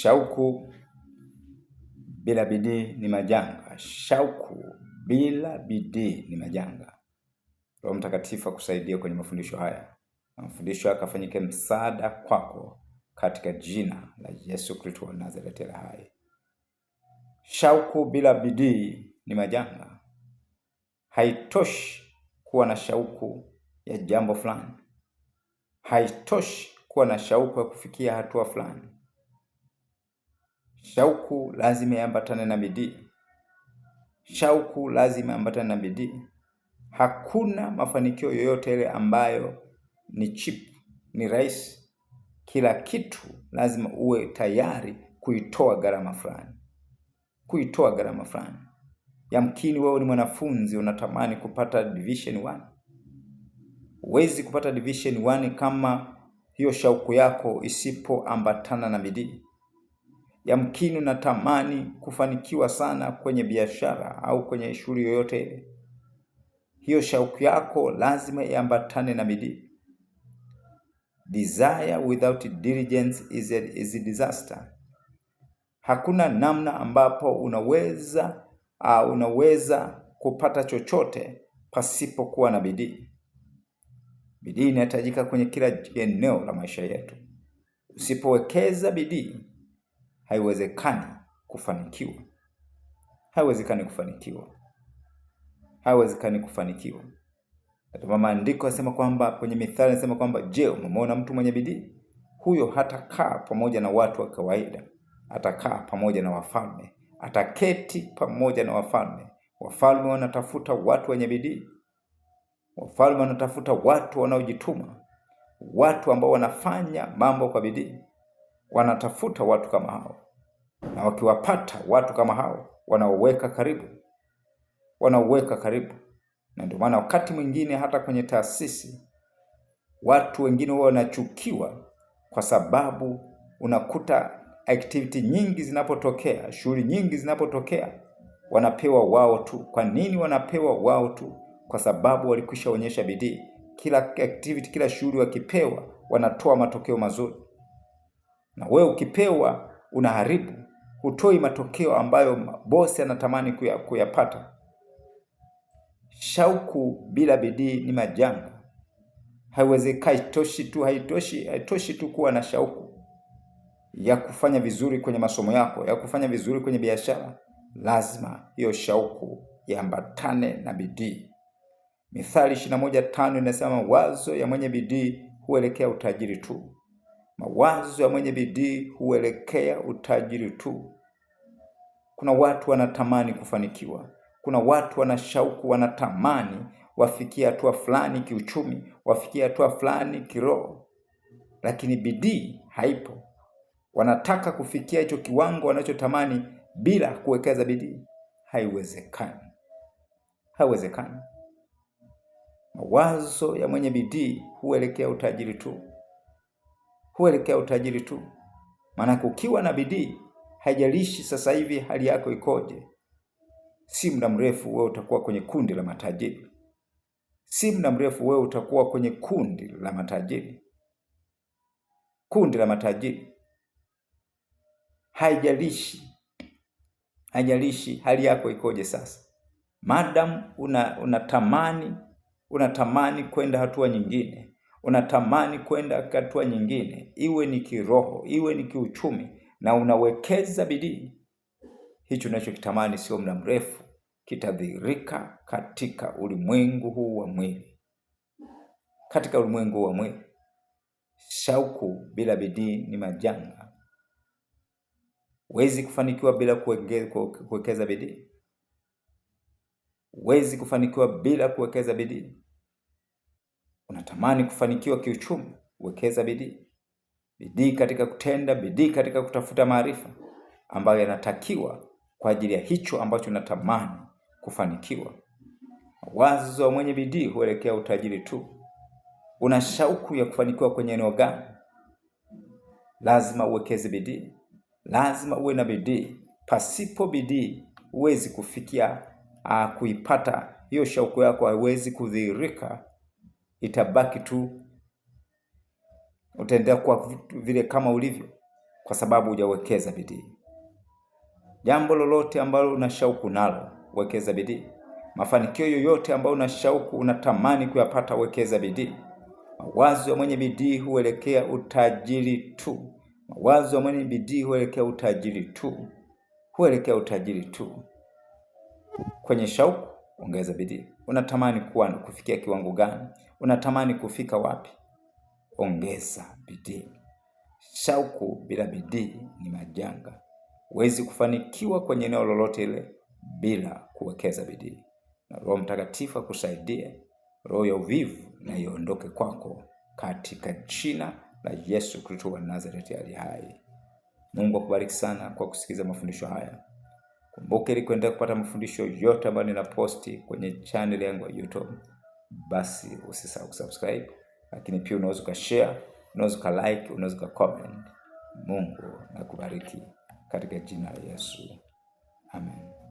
Shauku bila bidii ni majanga. Shauku bila bidii ni majanga. Roho Mtakatifu akusaidia kwenye mafundisho haya, mafundisho akafanyike msaada kwako katika jina la Yesu Kristo wa Nazareti la hai. Shauku bila bidii ni majanga. Haitoshi kuwa na shauku ya jambo fulani, haitoshi kuwa na shauku ya kufikia hatua fulani Shauku lazima iambatane na bidii, shauku lazima iambatane na bidii. Hakuna mafanikio yoyote ile ambayo ni chip, ni rahisi. Kila kitu lazima uwe tayari kuitoa gharama fulani, kuitoa gharama fulani. Yamkini wewe ni mwanafunzi unatamani kupata division 1. Huwezi kupata division 1 kama hiyo shauku yako isipoambatana na bidii. Yamkini unatamani kufanikiwa sana kwenye biashara au kwenye shughuli yoyote ile. Hiyo shauku yako lazima iambatane na bidii. Desire without diligence is a, is a disaster. Hakuna namna ambapo unaweza uh, unaweza kupata chochote pasipokuwa na bidii. Bidii inahitajika kwenye kila eneo la maisha yetu. Usipowekeza bidii haiwezekani kufanikiwa, haiwezekani kufanikiwa, haiwezekani kufanikiwa. Katika maandiko yasema kwamba kwenye Mithali anasema kwamba, je, umemwona mtu mwenye bidii? Huyo hatakaa pamoja na watu wa kawaida, atakaa pamoja na wafalme, ataketi pamoja na wafalme. Wafalme wanatafuta watu wenye bidii, wafalme wanatafuta watu wanaojituma, watu ambao wanafanya mambo kwa bidii wanatafuta watu kama hao, na wakiwapata watu kama hao wanaoweka karibu, wanaoweka karibu. Na ndio maana wakati mwingine hata kwenye taasisi watu wengine huwa wanachukiwa, kwa sababu unakuta activity nyingi zinapotokea, shughuli nyingi zinapotokea, wanapewa wao tu. Kwa nini wanapewa wao tu? Kwa sababu walikwisha onyesha bidii. Kila activity, kila shughuli wakipewa, wanatoa matokeo mazuri na wewe ukipewa unaharibu, hutoi matokeo ambayo bosi anatamani kuyapata. Shauku bila bidii ni majanga, haiwezekani. Toshi tu, haitoshi, haitoshi tu kuwa na shauku ya kufanya vizuri kwenye masomo yako, ya kufanya vizuri kwenye biashara. Lazima hiyo shauku iambatane na bidii. Mithali ishirini na moja tano inasema, wazo ya mwenye bidii huelekea utajiri tu. Mawazo ya mwenye bidii huelekea utajiri tu. Kuna watu wanatamani kufanikiwa, kuna watu wanashauku, wanatamani wafikie hatua fulani kiuchumi, wafikie hatua fulani kiroho, lakini bidii haipo. Wanataka kufikia hicho kiwango wanachotamani bila kuwekeza bidii, haiwezekani, haiwezekani. Mawazo ya mwenye bidii huelekea utajiri tu huelekea utajiri tu. Maanake ukiwa na bidii, haijalishi sasa hivi hali yako ikoje, si muda mrefu wewe utakuwa kwenye kundi la matajiri, si muda mrefu wewe utakuwa kwenye kundi la matajiri, kundi la matajiri. Haijalishi, haijalishi hali yako ikoje sasa, madamu una unatamani kwenda hatua nyingine unatamani kwenda hatua nyingine, iwe ni kiroho, iwe ni kiuchumi, na unawekeza bidii, hicho unachokitamani sio muda mrefu kitadhirika katika ulimwengu huu wa mwili. Katika ulimwengu huu wa mwili, shauku bila bidii ni majanga. Huwezi kufanikiwa bila kuwekeza bidii, huwezi kufanikiwa bila kuwekeza bidii. Unatamani kufanikiwa kiuchumi? Wekeza bidii, bidii katika kutenda, bidii katika kutafuta maarifa ambayo yanatakiwa kwa ajili ya hicho ambacho unatamani kufanikiwa. Wazo wa mwenye bidii huelekea utajiri tu. Una shauku ya kufanikiwa kwenye eneo gani? Lazima uwekeze bidii, lazima uwe na bidii. Pasipo bidii huwezi kufikia ah, kuipata hiyo shauku yako, haiwezi kudhihirika itabaki tu, utaendelea kuwa vile kama ulivyo, kwa sababu hujawekeza bidii. Jambo lolote ambalo una shauku nalo, wekeza bidii. Mafanikio yoyote ambayo una shauku, unatamani kuyapata, wekeza bidii. Mawazo ya mwenye bidii huelekea utajiri tu. Mawazo ya mwenye bidii huelekea utajiri tu, huelekea utajiri tu. Kwenye shauku ongeza bidii. Unatamani kuwa kufikia kiwango gani? unatamani kufika wapi? Ongeza bidii. Shauku bila bidii ni majanga. Huwezi kufanikiwa kwenye eneo lolote ile bila kuwekeza bidii, na Roho Mtakatifu akusaidie. Roho ya uvivu na iondoke kwako katika jina la Yesu Kristo wa Nazareti ali hai. Mungu akubariki sana kwa kusikiliza mafundisho haya. Kumbuka, ili kuendelea kupata mafundisho yote ambayo ninaposti kwenye channel yangu ya YouTube basi usisahau kusubscribe, lakini pia unaweza ukashare, unaweza ukalike, unaweza ukacomment. Mungu na katika jina la Yesu, amen.